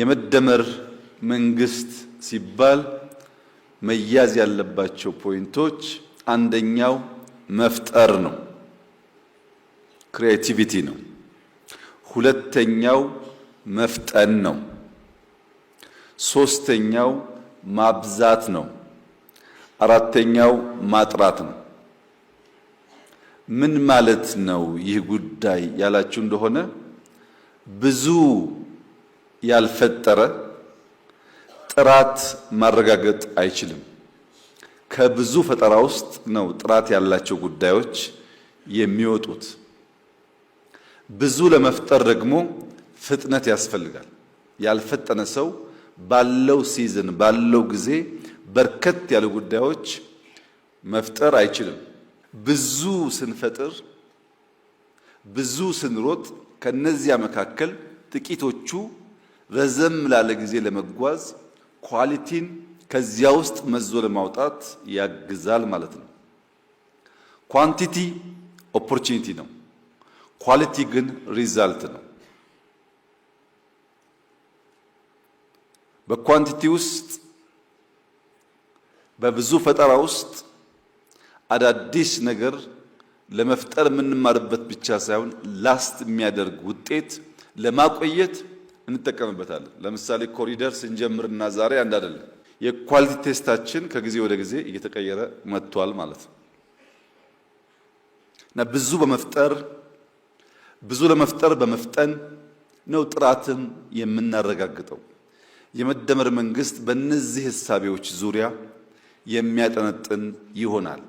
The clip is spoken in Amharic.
የመደመር መንግስት ሲባል መያዝ ያለባቸው ፖይንቶች አንደኛው መፍጠር ነው፣ ክሪኤቲቪቲ ነው። ሁለተኛው መፍጠን ነው። ሶስተኛው ማብዛት ነው። አራተኛው ማጥራት ነው። ምን ማለት ነው ይህ ጉዳይ ያላችሁ እንደሆነ ብዙ ያልፈጠረ ጥራት ማረጋገጥ አይችልም። ከብዙ ፈጠራ ውስጥ ነው ጥራት ያላቸው ጉዳዮች የሚወጡት። ብዙ ለመፍጠር ደግሞ ፍጥነት ያስፈልጋል። ያልፈጠነ ሰው ባለው ሲዝን ባለው ጊዜ በርከት ያሉ ጉዳዮች መፍጠር አይችልም። ብዙ ስንፈጥር ብዙ ስንሮጥ ከነዚያ መካከል ጥቂቶቹ ረዘም ላለ ጊዜ ለመጓዝ ኳሊቲን ከዚያ ውስጥ መዞ ለማውጣት ያግዛል ማለት ነው። ኳንቲቲ ኦፖርቹኒቲ ነው፣ ኳሊቲ ግን ሪዛልት ነው። በኳንቲቲ ውስጥ በብዙ ፈጠራ ውስጥ አዳዲስ ነገር ለመፍጠር የምንማርበት ብቻ ሳይሆን ላስት የሚያደርግ ውጤት ለማቆየት እንጠቀምበታለን። ለምሳሌ ኮሪደር ስንጀምርና ዛሬ አንድ አይደለም። የኳሊቲ ቴስታችን ከጊዜ ወደ ጊዜ እየተቀየረ መጥቷል ማለት ነው እና ብዙ በመፍጠር ብዙ ለመፍጠር በመፍጠን ነው ጥራትን የምናረጋግጠው። የመደመር መንግስት በእነዚህ ህሳቤዎች ዙሪያ የሚያጠነጥን ይሆናል።